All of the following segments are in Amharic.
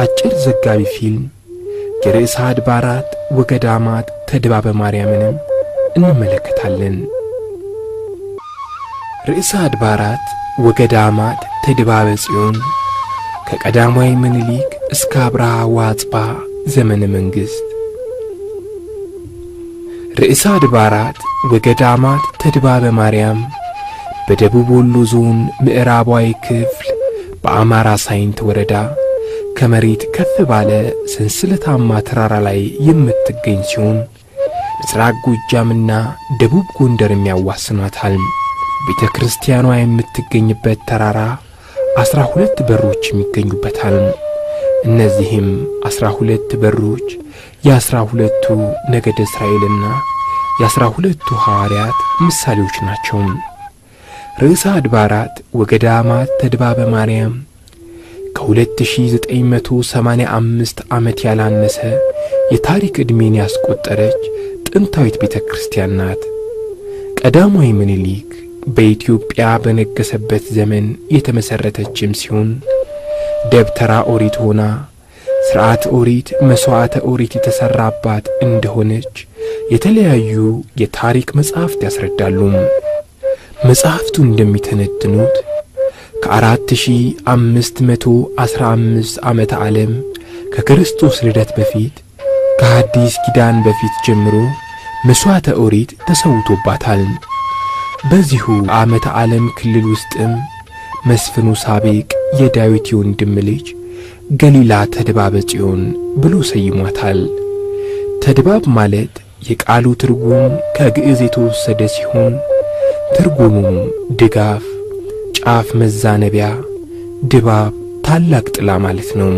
አጭር ዘጋቢ ፊልም የርዕሰ አድባራት ወገዳማት ተድባበ ማርያምንም እንመለከታለን። ርዕሰ አድባራት ወገዳማት ተድባበ ጽዮን ከቀዳማዊ ምኒልክ እስከ አብርሃ ወአጽብሃ ዘመነ መንግሥት። ርዕሰ አድባራት ወገዳማት ተድባበ ማርያም በደቡብ ወሎ ዞን ምዕራባዊ ክፍል በአማራ ሳይንት ወረዳ ከመሬት ከፍ ባለ ሰንሰለታማ ተራራ ላይ የምትገኝ ሲሆን ምስራቅ ጎጃምና ደቡብ ጎንደርም ያዋስኗታል። ቤተ ክርስቲያኗ የምትገኝበት ተራራ አስራ ሁለት በሮችም ይገኙበታል። እነዚህም አስራ ሁለት በሮች የአስራ ሁለቱ ነገደ እስራኤልና የአስራ ሁለቱ ሐዋርያት ምሳሌዎች ናቸው። ርዕሰ አድባራት ወገዳማት ተድባበ ማርያም ከ2985 ዓመት ያላነሰ የታሪክ ዕድሜን ያስቆጠረች ጥንታዊት ቤተ ክርስቲያን ናት። ቀዳማዊ ምኒልክ በኢትዮጵያ በነገሰበት ዘመን የተመሠረተችም ሲሆን ደብተራ ኦሪት ሆና ሥርዓት ኦሪት፣ መሥዋዕተ ኦሪት የተሠራባት እንደሆነች የተለያዩ የታሪክ መጻሕፍት ያስረዳሉ። መጻሕፍቱ እንደሚተነትኑት ከ4515 ዓመተ ዓለም ከክርስቶስ ልደት በፊት ከሐዲስ ኪዳን በፊት ጀምሮ መሥዋዕተ ኦሪት ተሰውቶባታል። በዚሁ ዓመተ ዓለም ክልል ውስጥም መስፍኑ ሳቤቅ የዳዊት የወንድም ልጅ ገሊላ ተድባበ ጽዮን ብሎ ሰይሟታል። ተድባብ ማለት የቃሉ ትርጉም ከግዕዝ የተወሰደ ሲሆን ትርጉሙም ድጋፍ ጫፍ መዛነቢያ ድባብ ታላቅ ጥላ ማለት ነው።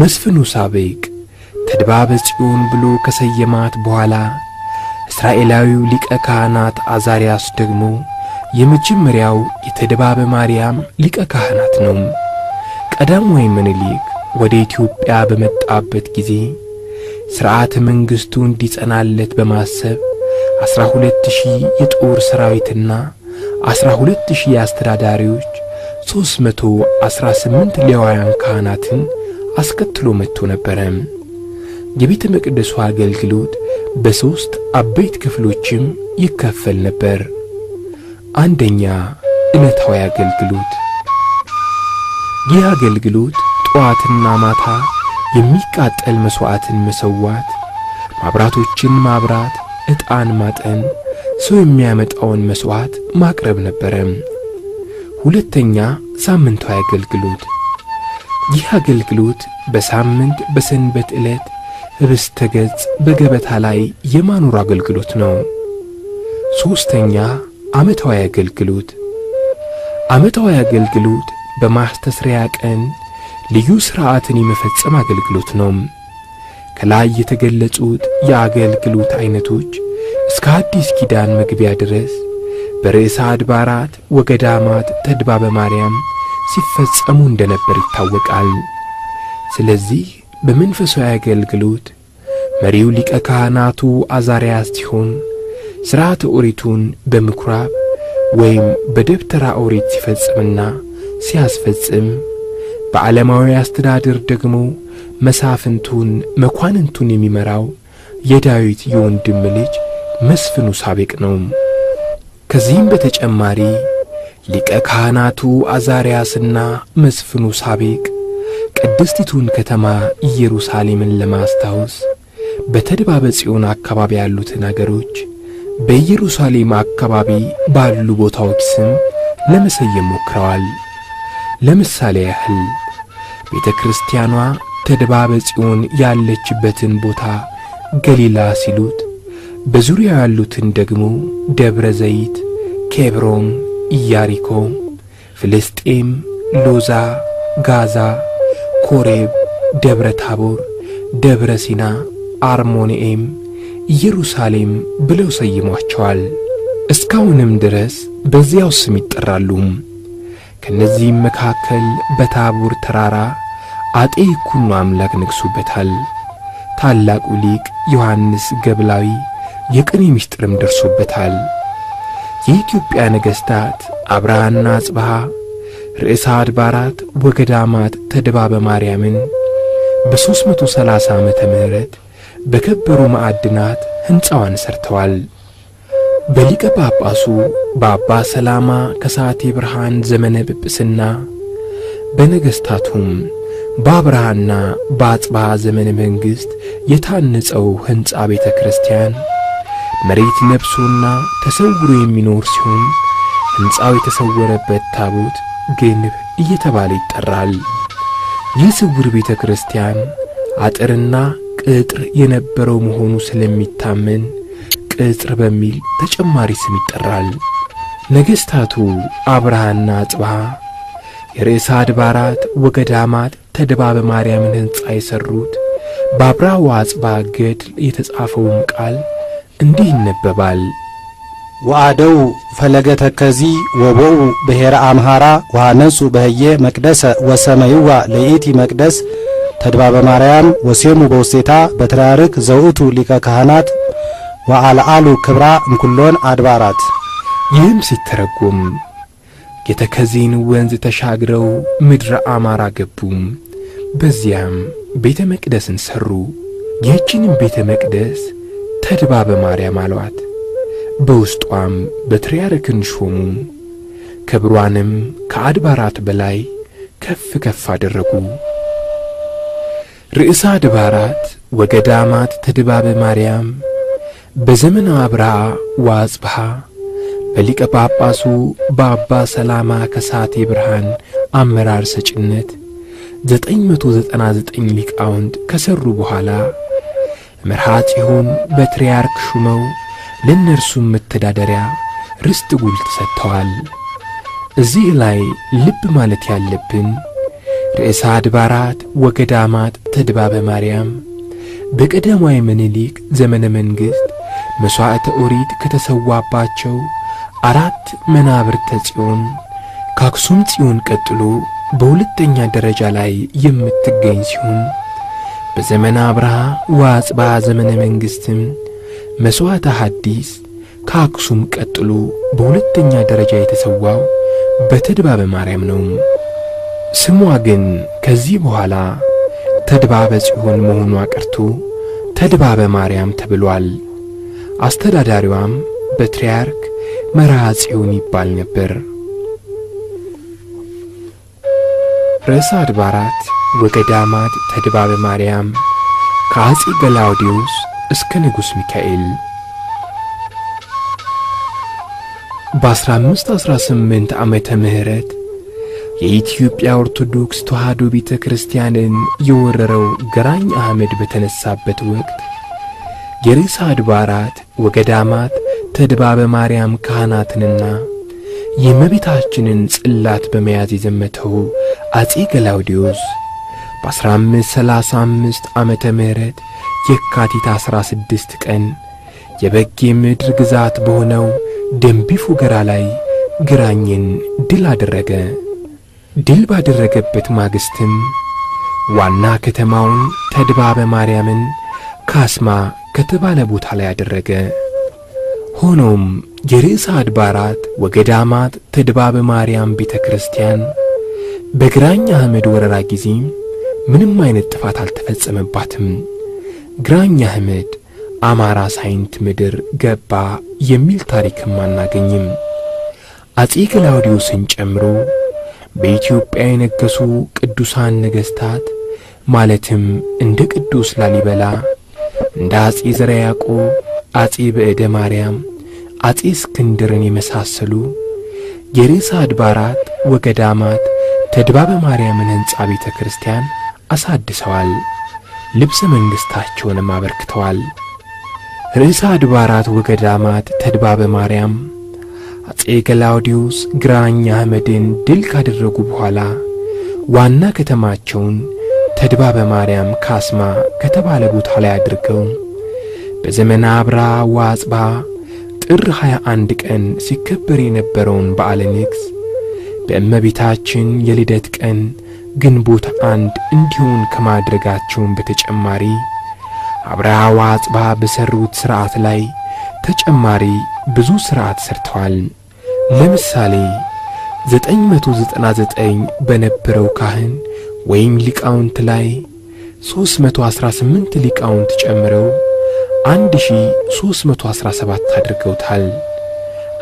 መስፍኑ ሳቤቅ ተድባበ ጽዮን ብሎ ከሰየማት በኋላ እስራኤላዊው ሊቀ ካህናት አዛሪያስ ደግሞ የመጀመሪያው የተድባበ ማርያም ሊቀ ካህናት ነው። ቀዳማዊ ምኒልክ ወደ ኢትዮጵያ በመጣበት ጊዜ ሥርዓተ መንግሥቱ እንዲጸናለት በማሰብ አስራ ሁለት ሺህ የጦር ሰራዊትና አስራ ሁለት ሺህ አስተዳዳሪዎች ሦስት መቶ አስራ ስምንት ሌዋውያን ካህናትን አስከትሎ መጥቶ ነበረ። የቤተ መቅደሱ አገልግሎት በሦስት አበይት ክፍሎችም ይከፈል ነበር። አንደኛ ዕለታዊ አገልግሎት። ይህ አገልግሎት ጠዋትና ማታ የሚቃጠል መሥዋዕትን መሠዋት፣ ማብራቶችን ማብራት ዕጣን ማጠን፣ ሰው የሚያመጣውን መሥዋዕት ማቅረብ ነበረ። ሁለተኛ ሳምንታዊ አገልግሎት። ይህ አገልግሎት በሳምንት በሰንበት ዕለት ኅብስተ ገጽ በገበታ ላይ የማኖር አገልግሎት ነው። ሦስተኛ ዓመታዊ አገልግሎት። ዓመታዊ አገልግሎት በማስተስሪያ ቀን ልዩ ሥርዓትን የመፈጸም አገልግሎት ነው። ከላይ የተገለጹት የአገልግሎት ዐይነቶች እስከ አዲስ ኪዳን መግቢያ ድረስ በርዕሰ አድባራት ወገዳማት ተድባበ ማርያም ሲፈጸሙ እንደ ነበር ይታወቃል። ስለዚህ በመንፈሳዊ አገልግሎት መሪው ሊቀ ካህናቱ አዛርያስ ሲሆን ሥርዓተ ኦሪቱን በምኵራብ ወይም በደብተራ ኦሪት ሲፈጽምና ሲያስፈጽም በዓለማዊ አስተዳደር ደግሞ መሳፍንቱን መኳንንቱን የሚመራው የዳዊት የወንድም ልጅ መስፍኑ ሳቤቅ ነው። ከዚህም በተጨማሪ ሊቀ ካህናቱ አዛርያስና መስፍኑ ሳቤቅ ቅድስቲቱን ከተማ ኢየሩሳሌምን ለማስታወስ በተድባበ ጽዮን አካባቢ ያሉትን አገሮች በኢየሩሳሌም አካባቢ ባሉ ቦታዎች ስም ለመሰየም ሞክረዋል። ለምሳሌ ያህል ቤተ ክርስቲያኗ ተድባበ ጽዮን ያለችበትን ቦታ ገሊላ ሲሉት በዙሪያ ያሉትን ደግሞ ደብረ ዘይት፣ ኬብሮን፣ ኢያሪኮ፣ ፍልስጤም፣ ሎዛ፣ ጋዛ፣ ኮሬብ፣ ደብረ ታቦር፣ ደብረ ሲና፣ አርሞንኤም፣ ኢየሩሳሌም ብለው ሰይሟቸዋል። እስካሁንም ድረስ በዚያው ስም ይጠራሉ። ከነዚህም መካከል በታቦር ተራራ አጤ ይኩኖ አምላክ ነግሶበታል። ታላቁ ሊቅ ዮሐንስ ገብላዊ የቅኔ ምስጢርም ደርሶበታል። የኢትዮጵያ ነገሥታት አብርሃና አጽብሃ ርዕሰ አድባራት ወገዳማት ተድባበ ማርያምን በ330 ዓመተ ምህረት በከበሩ ማዕድናት ሕንፃዋን ሰርተዋል። በሊቀ ጳጳሱ በአባ ሰላማ ከሳቴ ብርሃን ዘመነ ጵጵስና በነገሥታቱም በአብርሃና በአጽብሃ ዘመነ መንግሥት የታነጸው ሕንፃ ቤተ ክርስቲያን መሬት ለብሶና ተሰውሮ የሚኖር ሲሆን ሕንፃው የተሰወረበት ታቦት ግንብ እየተባለ ይጠራል። ይህ ስውር ቤተ ክርስቲያን አጥርና ቅጥር የነበረው መሆኑ ስለሚታመን ቅጥር በሚል ተጨማሪ ስም ይጠራል። ነገሥታቱ አብርሃና አጽብሃ የርዕሰ አድባራት ወገዳማት ተድባበ ማርያምን ሕንፃ የሠሩት በአብርሃ ወአጽብሐ ገድል የተጻፈውም ቃል እንዲህ ይነበባል። ወአደው ፈለገ ተከዚ ወቦው ብሔረ አምሃራ ወሐነጹ በህየ መቅደሰ ወሰመይዋ ለኢቲ መቅደስ ተድባበ ማርያም ወሴሙ በውስቴታ በትራርክ ዘውእቱ ሊቀ ካህናት ወአልዓሉ ክብራ እምኩሎን አድባራት። ይህም ሲተረጎም የተከዚን ወንዝ ተሻግረው ምድረ አማራ ገቡም። በዚያም ቤተ መቅደስን ሠሩ። ያቺንም ቤተ መቅደስ ተድባበ ማርያም አሏት። በውስጧም በትሪያርክን ሾሙ። ክብሯንም ከአድባራት በላይ ከፍ ከፍ አደረጉ። ርእሰ አድባራት ወገዳማት ተድባበ ማርያም በዘመነ አብርሃ ወአጽብሃ በሊቀ ጳጳሱ በአባ ሰላማ ከሳቴ ብርሃን አመራር ሰጭነት 999 ሊቃውንት ከሰሩ በኋላ መርሃ ጽዮን በትሪያርክ ሹመው ለእነርሱም መተዳደሪያ ርስት ጉልት ሰጥተዋል። እዚህ ላይ ልብ ማለት ያለብን ርዕሰ አድባራት ወገዳማት ተድባበ ማርያም በቀደማዊ ምኒልክ ዘመነ መንግሥት መሥዋዕተ ኦሪት ከተሰዋባቸው አራት መናብርተ ጽዮን ከአክሱም ጽዮን ቀጥሎ በሁለተኛ ደረጃ ላይ የምትገኝ ሲሆን በዘመነ አብርሃ ዋጽባ ዘመነ መንግሥትም መሥዋዕተ ሐዲስ ከአክሱም ቀጥሎ በሁለተኛ ደረጃ የተሰዋው በተድባበ ማርያም ነው። ስሟ ግን ከዚህ በኋላ ተድባበ ጽዮን መሆኗ ቀርቶ ተድባበ ማርያም ተብሏል። አስተዳዳሪዋም በትሪያርክ መርሃ ጽዮን ይባል ነበር። ርዕሰ አድባራት ወገዳማት ተድባበ ማርያም ከአፄ ገላውዴዎስ እስከ ንጉሥ ሚካኤል በ1518 ዓመተ ምህረት የኢትዮጵያ ኦርቶዶክስ ተዋሕዶ ቤተ ክርስቲያንን የወረረው ግራኝ አህመድ በተነሳበት ወቅት የርዕሰ አድባራት ወገዳማት ተድባበ ማርያም ካህናትንና የእመቤታችንን ጽላት በመያዝ የዘመተው አፄ ገላውዲዮስ በ1535 ዓመተ ምህረት የካቲት 16 ቀን የበጌ ምድር ግዛት በሆነው ደንቢፉ ገራ ላይ ግራኝን ድል አደረገ። ድል ባደረገበት ማግስትም ዋና ከተማውን ተድባበ ማርያምን ካስማ ከተባለ ቦታ ላይ አደረገ። ሆኖም የርዕሰ አድባራት ወገዳማት ተድባበ ማርያም ቤተ ክርስቲያን በግራኝ አህመድ ወረራ ጊዜ ምንም አይነት ጥፋት አልተፈጸመባትም። ግራኝ አህመድ አማራ ሳይንት ምድር ገባ የሚል ታሪክም አናገኝም። አጼ ክላውዲዮስን ጨምሮ በኢትዮጵያ የነገሱ ቅዱሳን ነገሥታት ማለትም እንደ ቅዱስ ላሊበላ፣ እንደ አጼ ዘርዓ ያዕቆብ፣ አጼ በዕደ ማርያም አጼ እስክንድርን የመሳሰሉ የርዕሰ አድባራት ወገዳማት ተድባበ ማርያምን ሕንፃ ቤተ ክርስቲያን አሳድሰዋል። ልብሰ መንግሥታቸውንም አበርክተዋል። ርዕሰ አድባራት ወገዳማት ተድባበ ማርያም አጼ ገላውዲዮስ ግራኝ አህመድን ድል ካደረጉ በኋላ ዋና ከተማቸውን ተድባበ ማርያም ካስማ ከተባለ ቦታ ላይ አድርገው በዘመነ አብራ ዋጽባ። ጥር 21 ቀን ሲከበር የነበረውን በዓለ ንግሥ በእመቤታችን የልደት ቀን ግንቦት አንድ እንዲሆን ከማድረጋቸውን በተጨማሪ አብርሃዋ አጽባ በሠሩት ሥርዓት ላይ ተጨማሪ ብዙ ሥርዓት ሰርተዋል። ለምሳሌ 999 በነበረው ካህን ወይም ሊቃውንት ላይ 318 ሊቃውንት ጨምረው 1317 አድርገውታል።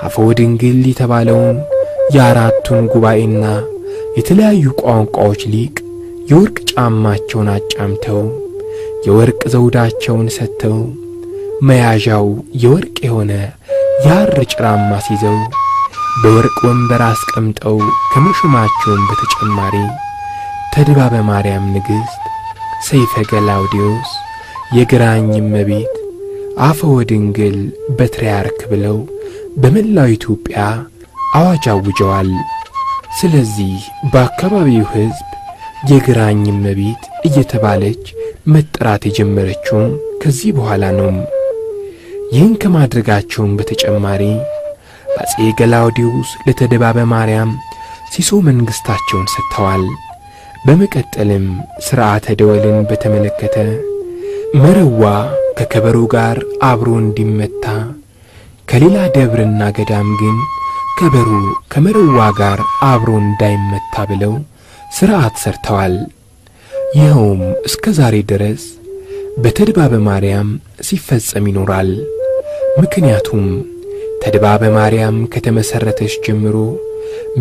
አፈወ ድንግል የተባለውን የአራቱን ጉባኤና የተለያዩ ቋንቋዎች ሊቅ የወርቅ ጫማቸውን አጫምተው የወርቅ ዘውዳቸውን ሰጥተው መያዣው የወርቅ የሆነ ያር ጭራማ ሲዘው በወርቅ ወንበር አስቀምጠው ከመሾማቸውም በተጨማሪ ተድባበ ማርያም ንግሥት፣ ሰይፈ ገላውዲዮስ፣ የግራኝ እመቤት አፈወ ድንግል በትሪያርክ ብለው በመላው ኢትዮጵያ አዋጅ አውጀዋል። ስለዚህ በአካባቢው ሕዝብ የግራኝ እመቤት እየተባለች መጠራት የጀመረችውም ከዚህ በኋላ ነው። ይህን ከማድረጋቸውም በተጨማሪ አጼ ገላውዲዮስ ለተደባበ ማርያም ሲሶ መንግሥታቸውን ሰጥተዋል። በመቀጠልም ሥርዓተ ደወልን በተመለከተ መረዋ ከከበሮ ጋር አብሮ እንዲመታ ከሌላ ደብርና ገዳም ግን ከበሮ ከመረዋ ጋር አብሮ እንዳይመታ ብለው ሥርዓት ሰርተዋል። ይኸውም እስከ ዛሬ ድረስ በተድባበ ማርያም ሲፈጸም ይኖራል። ምክንያቱም ተድባበ ማርያም ከተመሠረተች ጀምሮ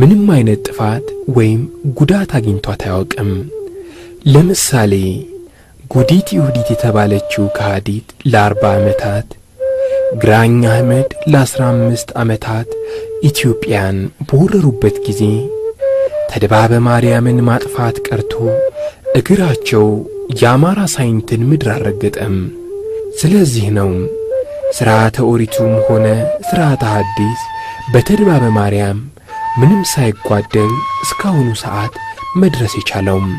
ምንም አይነት ጥፋት ወይም ጉዳት አግኝቷት አያውቅም። ለምሳሌ ጉዲት ይሁዲት የተባለችው ከሃዲት ለአርባ ዓመታት ግራኝ አህመድ ለአስራ አምስት ዓመታት ኢትዮጵያን በወረሩበት ጊዜ ተድባበ ማርያምን ማጥፋት ቀርቶ እግራቸው የአማራ ሳይንትን ምድር አልረገጠም። ስለዚህ ነው ሥርዓተ ኦሪቱም ሆነ ሥርዓተ ሐዲስ በተድባበ ማርያም ምንም ሳይጓደል እስካሁኑ ሰዓት መድረስ የቻለውም።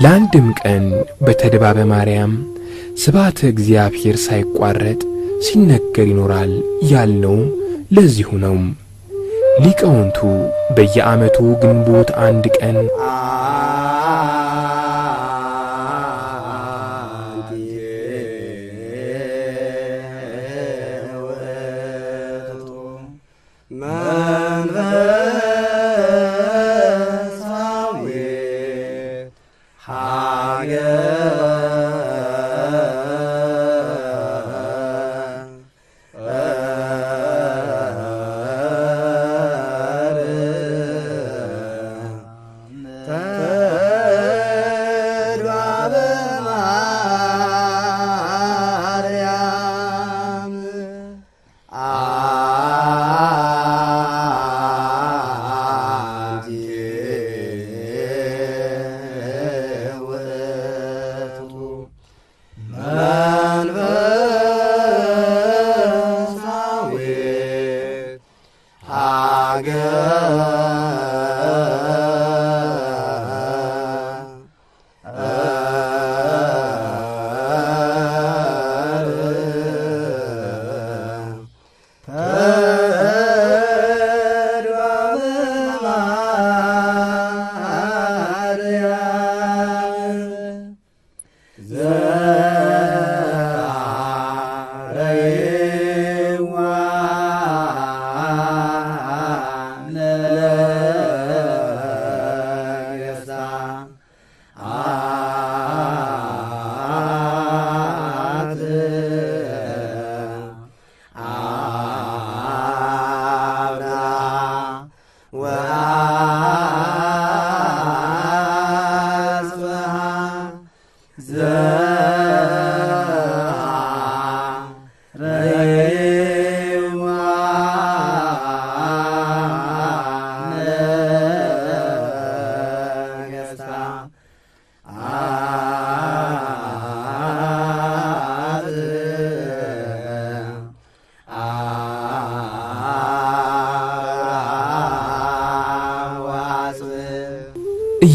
ለአንድም ቀን በተድባበ ማርያም ስባተ እግዚአብሔር ሳይቋረጥ ሲነገር ይኖራል ያልነው ለዚሁ ነው። ሊቃውንቱ በየዓመቱ ግንቦት አንድ ቀን God.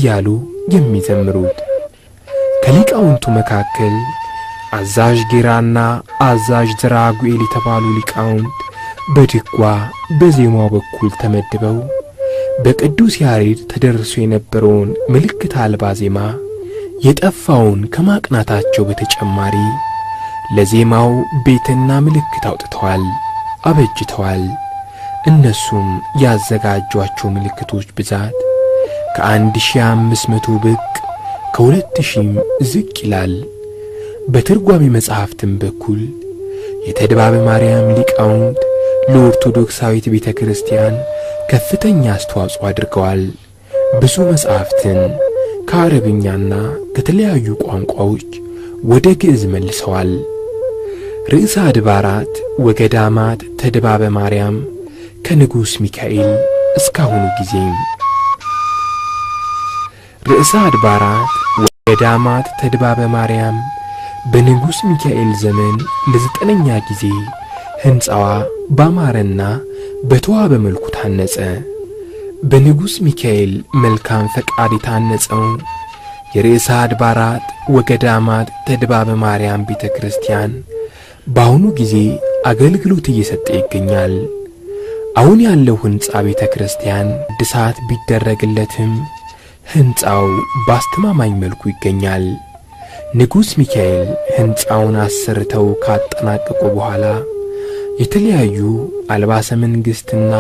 እያሉ የሚዘምሩት። ከሊቃውንቱ መካከል አዛዥ ጌራና አዛዥ ዘራጉኤል የተባሉ ሊቃውንት በድጓ በዜማው በኩል ተመድበው በቅዱስ ያሬድ ተደርሶ የነበረውን ምልክት አልባ ዜማ የጠፋውን ከማቅናታቸው በተጨማሪ ለዜማው ቤትና ምልክት አውጥተዋል፣ አበጅተዋል። እነሱም ያዘጋጇቸው ምልክቶች ብዛት ከአንድ ሺህ አምስት መቶ ብቅ ከሁለት ሺህም ዝቅ ይላል። በትርጓሜ መጽሐፍትም በኩል የተድባበ ማርያም ሊቃውንት ለኦርቶዶክሳዊት ቤተ ክርስቲያን ከፍተኛ አስተዋጽኦ አድርገዋል። ብዙ መጽሐፍትን ከአረብኛና ከተለያዩ ቋንቋዎች ወደ ግዕዝ መልሰዋል። ርዕሰ አድባራት ወገዳማት ተድባበ ማርያም ከንጉሥ ሚካኤል እስካሁኑ ጊዜ ርዕሰ አድባራት ወዳማት ተድባበ ማርያም በንጉሥ ሚካኤል ዘመን ለዘጠነኛ ጊዜ ሕንፃዋ ባማረና በተዋበ መልኩ ታነጸ። በንጉሥ ሚካኤል መልካም ፈቃድ የታነጸው የርዕሰ አድባራት ወገዳማት ተድባበ ማርያም ቤተ ክርስቲያን በአሁኑ ጊዜ አገልግሎት እየሰጠ ይገኛል። አሁን ያለው ሕንፃ ቤተ ክርስቲያን እድሳት ቢደረግለትም ሕንፃው በአስተማማኝ መልኩ ይገኛል። ንጉሥ ሚካኤል ሕንፃውን አሰርተው ካጠናቀቁ በኋላ የተለያዩ አልባሰ መንግሥትና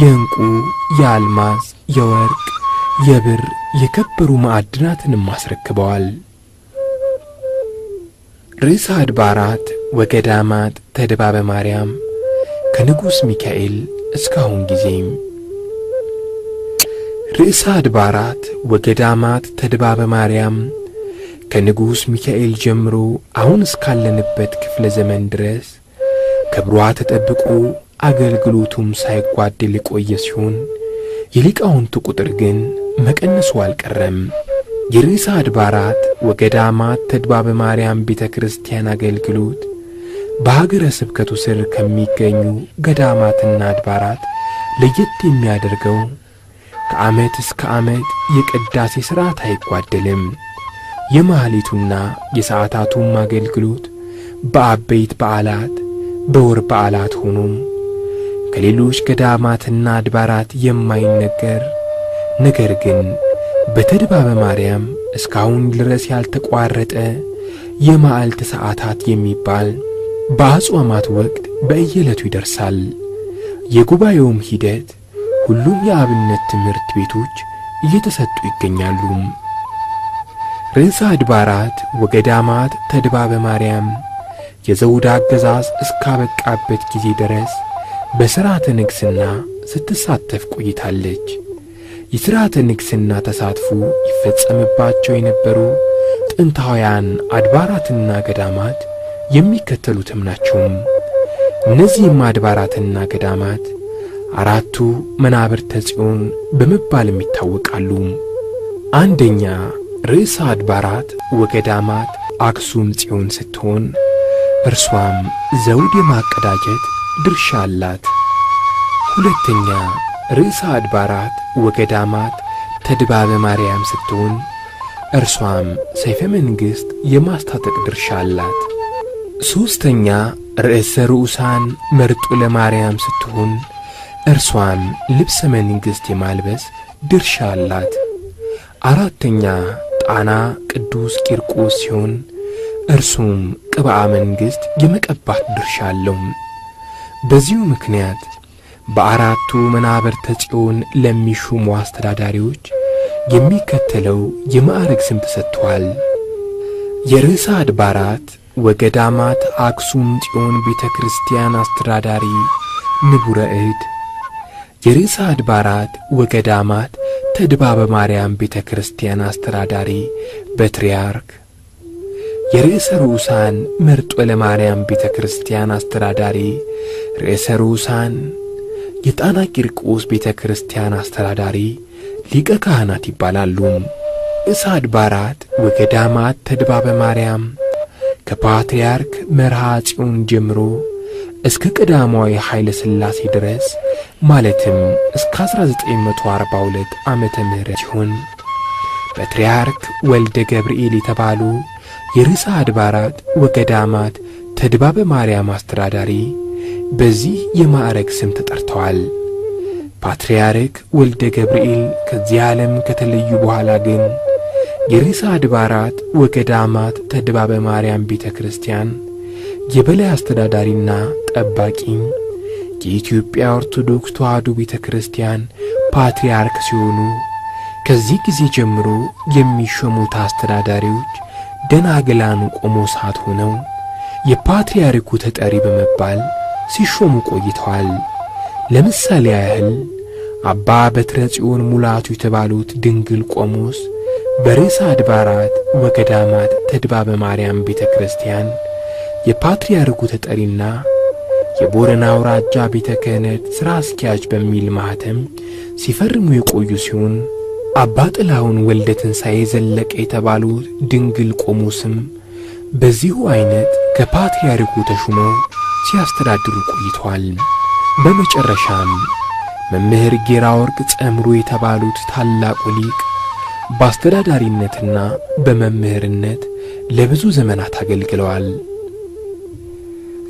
የእንቁ፣ የአልማዝ፣ የወርቅ፣ የብር የከበሩ ማዕድናትንም አስረክበዋል። ርዕሰ አድባራት ወገዳማት ተድባበ ማርያም ከንጉሥ ሚካኤል እስካሁን ጊዜም ርዕሰ አድባራት ወገዳማት ተድባበ ማርያም ከንጉሥ ሚካኤል ጀምሮ አሁን እስካለንበት ክፍለ ዘመን ድረስ ክብሯ ተጠብቆ አገልግሎቱም ሳይጓደል የቆየ ሲሆን የሊቃውንቱ ቁጥር ግን መቀነሱ አልቀረም። የርዕሰ አድባራት ወገዳማት ተድባበ ማርያም ቤተ ክርስቲያን አገልግሎት በሀገረ ስብከቱ ስር ከሚገኙ ገዳማትና አድባራት ለየት የሚያደርገው ከዓመት እስከ ዓመት የቅዳሴ ሥርዓት አይጓደልም። የመሐሌቱና የሰዓታቱም አገልግሎት በአበይት በዓላት፣ በወር በዓላት ሆኖ ከሌሎች ገዳማትና አድባራት የማይነገር ነገር ግን በተድባበ ማርያም እስካሁን ድረስ ያልተቋረጠ የመዓልት ሰዓታት የሚባል በአጽዋማት ወቅት በእየለቱ ይደርሳል። የጉባኤውም ሂደት ሁሉም የአብነት ትምህርት ቤቶች እየተሰጡ ይገኛሉ። ርዕሰ አድባራት ወገዳማት ተድባበ ማርያም የዘውድ አገዛዝ እስካበቃበት ጊዜ ድረስ በሥርዓተ ንግሥና ስትሳተፍ ቆይታለች። የሥርዓተ ንግሥና ተሳትፎ ይፈጸምባቸው የነበሩ ጥንታውያን አድባራትና ገዳማት የሚከተሉትም ናቸው። እነዚህም አድባራትና ገዳማት አራቱ መናብርተ ጽዮን በመባልም ይታወቃሉ። አንደኛ ርዕሰ አድባራት ወገዳማት አክሱም ጽዮን ስትሆን እርሷም ዘውድ የማቀዳጀት ድርሻ አላት። ሁለተኛ ርዕሰ አድባራት ወገዳማት ተድባበ ማርያም ስትሆን እርሷም ሰይፈ መንግሥት የማስታጠቅ ድርሻ አላት። ሦስተኛ ርዕሰ ርዑሳን መርጡለ ማርያም ስትሆን እርሷን ልብሰ መንግሥት የማልበስ ድርሻ አላት። አራተኛ ጣና ቅዱስ ቂርቆስ ሲሆን እርሱም ቅብአ መንግሥት የመቀባት ድርሻ አለው። በዚሁ ምክንያት በአራቱ መናብርተ ጽዮን ለሚሹሙ አስተዳዳሪዎች የሚከተለው የማዕረግ ስም ተሰጥቷል። የርዕሰ አድባራት ወገዳማት አክሱም ጽዮን ቤተ ክርስቲያን አስተዳዳሪ ንቡረ እድ የርዕሰ አድባራት ወገዳማት ተድባበ ማርያም ቤተ ክርስቲያን አስተዳዳሪ በትሪያርክ፣ የርዕሰ ርዑሳን መርጦ ለማርያም ቤተ ክርስቲያን አስተዳዳሪ ርዕሰ ርዑሳን፣ የጣና ቂርቆስ ቤተ ክርስቲያን አስተዳዳሪ ሊቀ ካህናት ይባላሉ። ርዕሰ አድባራት ወገዳማት ተድባበ ማርያም ከፓትርያርክ መርሃ ጽዮን ጀምሮ እስከ ቀዳማዊ ኃይለ ሥላሴ ድረስ ማለትም እስከ 1942 ዓመተ ምህረት ሲሆን ፓትርያርክ ወልደ ገብርኤል የተባሉ የርዕሰ አድባራት ወገዳማት ተድባበ ማርያም አስተዳዳሪ በዚህ የማዕረግ ስም ተጠርተዋል። ፓትርያርክ ወልደ ገብርኤል ከዚህ ዓለም ከተለዩ በኋላ ግን የርዕሰ አድባራት ወገዳማት ተድባበ ማርያም ቤተ ክርስቲያን የበላይ አስተዳዳሪና ጠባቂ የኢትዮጵያ ኦርቶዶክስ ተዋሕዶ ቤተ ክርስቲያን ፓትርያርክ ሲሆኑ ከዚህ ጊዜ ጀምሮ የሚሾሙት አስተዳዳሪዎች ደናግላኑ ቆሞሳት ሆነው የፓትርያርኩ ተጠሪ በመባል ሲሾሙ ቆይተዋል። ለምሳሌ ያህል አባ በትረ ጽዮን ሙላቱ የተባሉት ድንግል ቆሞስ በርዕሰ አድባራት ወገዳማት ተድባበ ማርያም ቤተ ክርስቲያን የፓትርያርኩ ተጠሪና የቦረና አውራጃ ቤተ ክህነት ሥራ አስኪያጅ በሚል ማኅተም ሲፈርሙ የቆዩ ሲሆን አባ ጥላሁን ወልደ ትንሣኤ ዘለቀ የተባሉ ድንግል ቆሞስም በዚሁ ዐይነት ከፓትርያርኩ ተሹመው ሲያስተዳድሩ ቆይተዋል። በመጨረሻም መምህር ጌራ ወርቅ ጸምሩ የተባሉት ታላቁ ሊቅ በአስተዳዳሪነትና በመምህርነት ለብዙ ዘመናት አገልግለዋል።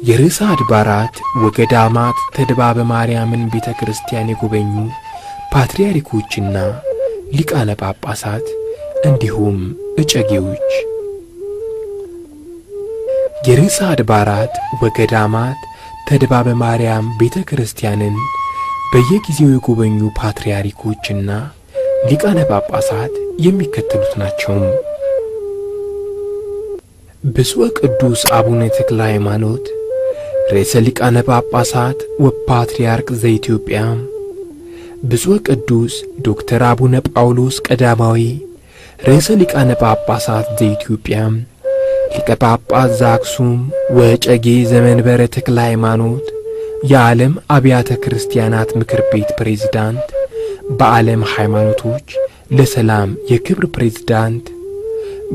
የርዕሰ አድባራት ወገዳማት ተድባበ ማርያምን ቤተ ክርስቲያን የጎበኙ ፓትርያርኮችና ሊቃነ ጳጳሳት እንዲሁም እጨጌዎች የርዕሰ አድባራት ወገዳማት ተድባበ ማርያም ቤተ ክርስቲያንን በየጊዜው የጎበኙ ፓትርያርኮችና ሊቃነ ጳጳሳት የሚከተሉት ናቸው። ብፁዕ ቅዱስ አቡነ ተክለ ሃይማኖት ርዕሰ ሊቃነ ጳጳሳት ወፓትርያርክ ዘኢትዮጵያ ብፁዕ ቅዱስ ዶክተር አቡነ ጳውሎስ ቀዳማዊ ርዕሰ ሊቃነ ጳጳሳት ዘኢትዮጵያ ሊቀ ጳጳስ ዘአክሱም ወጨጌ ዘመንበረ ተክለ ሃይማኖት የዓለም አብያተ ክርስቲያናት ምክር ቤት ፕሬዝዳንት በዓለም ሃይማኖቶች ለሰላም የክብር ፕሬዝዳንት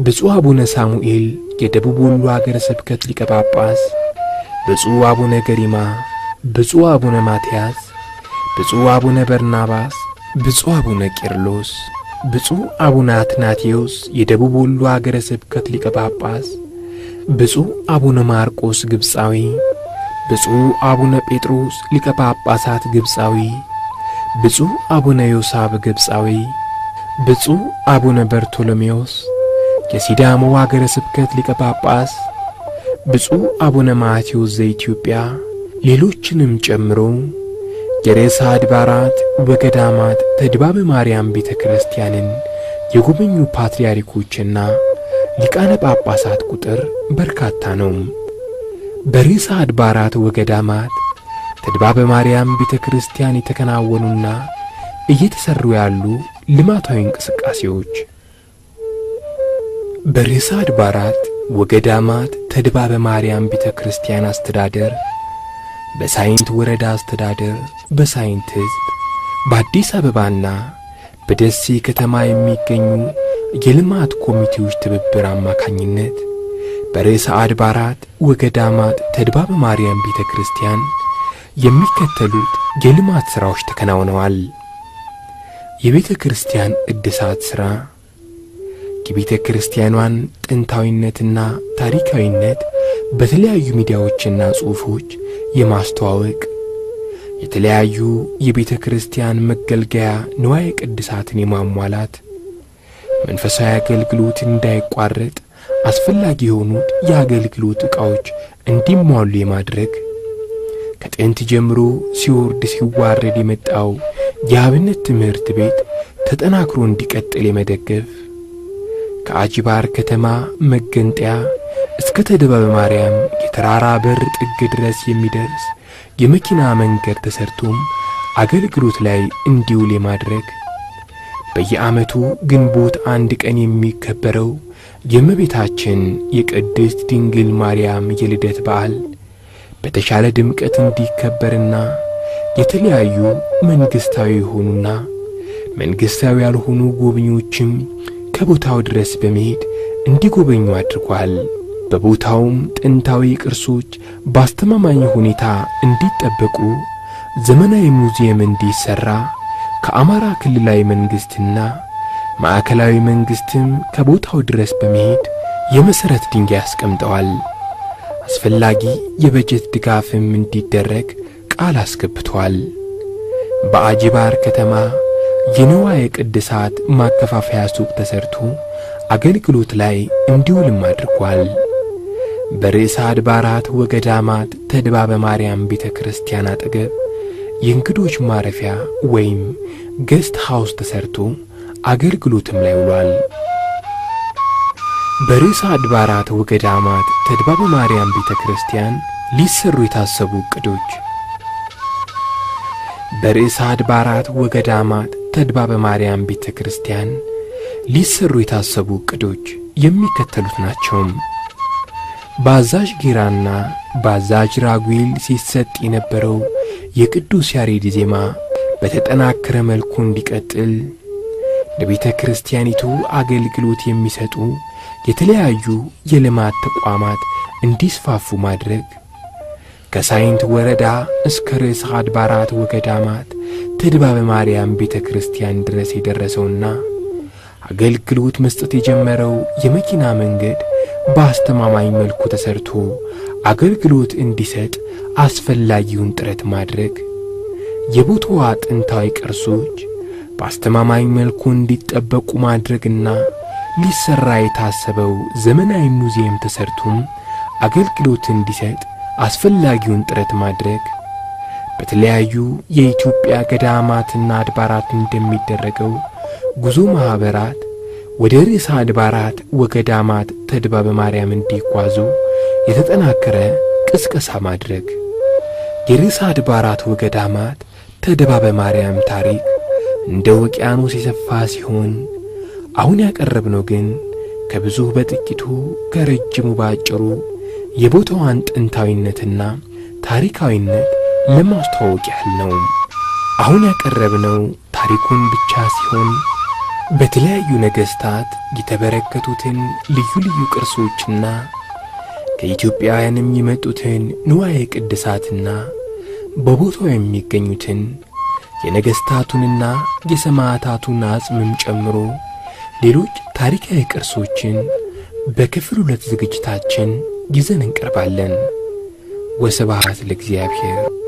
ብፁዕ አቡነ ሳሙኤል የደቡብ ወሎ አገረ ስብከት ሊቀ ጳጳስ ብፁዕ አቡነ ገሪማ፣ ብፁዕ አቡነ ማትያስ፣ ብፁዕ አቡነ በርናባስ፣ ብፁዕ አቡነ ቄርሎስ፣ ብፁዕ አቡነ አትናቴዎስ የደቡብ ወሎ አገረ ስብከት ሊቀ ጳጳስ፣ ብፁዕ አቡነ ማርቆስ ግብፃዊ፣ ብፁዕ አቡነ ጴጥሮስ ሊቀ ጳጳሳት ግብፃዊ፣ ብፁዕ አቡነ ዮሳብ ግብፃዊ፣ ብፁዕ አቡነ በርቶሎሜዎስ የሲዳሞ አገረ ስብከት ሊቀ ጳጳስ ብፁዕ አቡነ ማቴዎስ ዘኢትዮጵያ ሌሎችንም ጨምሮ የርዕሰ አድባራት ወገዳማት ተድባበ ማርያም ቤተ ክርስቲያንን የጎበኙ ፓትርያርኮችና ሊቃነ ጳጳሳት ቁጥር በርካታ ነው። በርዕሰ አድባራት ወገዳማት ተድባበ ማርያም ቤተ ክርስቲያን የተከናወኑና እየተሰሩ ያሉ ልማታዊ እንቅስቃሴዎች በርዕሰ አድባራት ወገዳማት ተድባበ ማርያም ቤተ ክርስቲያን አስተዳደር፣ በሳይንት ወረዳ አስተዳደር፣ በሳይንት ሕዝብ፣ በአዲስ አበባና በደሴ ከተማ የሚገኙ የልማት ኮሚቴዎች ትብብር አማካኝነት በርዕሰ አድባራት ወገዳማት ተድባበ ማርያም ቤተ ክርስቲያን የሚከተሉት የልማት ሥራዎች ተከናውነዋል። የቤተ ክርስቲያን ዕድሳት ሥራ የቤተ ክርስቲያኗን ጥንታዊነትና ታሪካዊነት በተለያዩ ሚዲያዎችና ጽሑፎች የማስተዋወቅ የተለያዩ የቤተ ክርስቲያን መገልገያ ንዋየ ቅድሳትን የማሟላት መንፈሳዊ አገልግሎት እንዳይቋረጥ አስፈላጊ የሆኑት የአገልግሎት ዕቃዎች እንዲሟሉ የማድረግ ከጥንት ጀምሮ ሲወርድ ሲዋረድ የመጣው የአብነት ትምህርት ቤት ተጠናክሮ እንዲቀጥል የመደገፍ ከአጂባር ከተማ መገንጠያ እስከ ተደባበ ማርያም የተራራ በር ጥግ ድረስ የሚደርስ የመኪና መንገድ ተሰርቶም አገልግሎት ላይ እንዲውል የማድረግ በየዓመቱ ግንቦት አንድ ቀን የሚከበረው የእመቤታችን የቅድስት ድንግል ማርያም የልደት በዓል በተሻለ ድምቀት እንዲከበርና የተለያዩ መንግሥታዊ የሆኑና መንግሥታዊ ያልሆኑ ጎብኚዎችም ከቦታው ድረስ በመሄድ እንዲጎበኙ አድርጓል። በቦታውም ጥንታዊ ቅርሶች በአስተማማኝ ሁኔታ እንዲጠበቁ ዘመናዊ ሙዚየም እንዲሰራ ከአማራ ክልላዊ መንግስትና ማዕከላዊ መንግስትም ከቦታው ድረስ በመሄድ የመሰረት ድንጋይ አስቀምጠዋል። አስፈላጊ የበጀት ድጋፍም እንዲደረግ ቃል አስገብቷል። በአጂባር ከተማ የንዋየ ቅድሳት ማከፋፈያ ሱቅ ተሰርቶ አገልግሎት ላይ እንዲውልም አድርጓል። በርዕሰ አድባራት ወገዳማት ተድባበ ማርያም ቤተ ክርስቲያን አጠገብ የእንግዶች ማረፊያ ወይም ገስት ሃውስ ተሰርቶ አገልግሎትም ላይ ውሏል። በርዕሰ አድባራት ወገዳማት ተድባበ ማርያም ቤተ ክርስቲያን ሊሰሩ የታሰቡ ዕቅዶች በርዕሰ አድባራት ወገዳማት ተድባ በማርያም ቤተ ክርስቲያን ሊሰሩ የታሰቡ ቅዶች የሚከተሉት ናቸውም። ባዛዥ ጌራና ባዛጅ ራጉል ሲሰጥ የነበረው የቅዱስ ያሬድ ዜማ በተጠናከረ መልኩ እንዲቀጥል ለቤተ ክርስቲያኒቱ አገልግሎት የሚሰጡ የተለያዩ የልማት ተቋማት እንዲስፋፉ ማድረግ ከሳይንት ወረዳ እስከ ርዕሰ አድባራት ወገዳማት ትድባበ ማርያም ቤተ ክርስቲያን ድረስ የደረሰውና አገልግሎት መስጠት የጀመረው የመኪና መንገድ በአስተማማኝ መልኩ ተሰርቶ አገልግሎት እንዲሰጥ አስፈላጊውን ጥረት ማድረግ፣ የቦታዋ ጥንታዊ ቅርሶች በአስተማማኝ መልኩ እንዲጠበቁ ማድረግና ሊሰራ የታሰበው ዘመናዊ ሙዚየም ተሰርቶም አገልግሎት እንዲሰጥ አስፈላጊውን ጥረት ማድረግ በተለያዩ የኢትዮጵያ ገዳማትና አድባራት እንደሚደረገው ጉዞ ማኅበራት ወደ ርዕሰ አድባራት ወገዳማት ተድባበ ማርያም እንዲጓዙ የተጠናከረ ቅስቀሳ ማድረግ። የርዕሰ አድባራት ወገዳማት ተድባበ ማርያም ታሪክ እንደ ውቅያኖስ የሰፋ ሲሆን አሁን ያቀረብነው ግን ከብዙ በጥቂቱ ከረጅሙ ባጭሩ የቦታዋን ጥንታዊነትና ታሪካዊነት ለማስተዋወቅ ያህል ነው። አሁን ያቀረብነው ታሪኩን ብቻ ሲሆን በተለያዩ ነገሥታት የተበረከቱትን ልዩ ልዩ ቅርሶችና ከኢትዮጵያውያንም የመጡትን ንዋየ ቅድሳትና በቦታው የሚገኙትን የነገሥታቱንና የሰማዕታቱን አጽምም ጨምሮ ሌሎች ታሪካዊ ቅርሶችን በክፍል ሁለት ዝግጅታችን ይዘን እንቀርባለን። ወስብሐት ለእግዚአብሔር።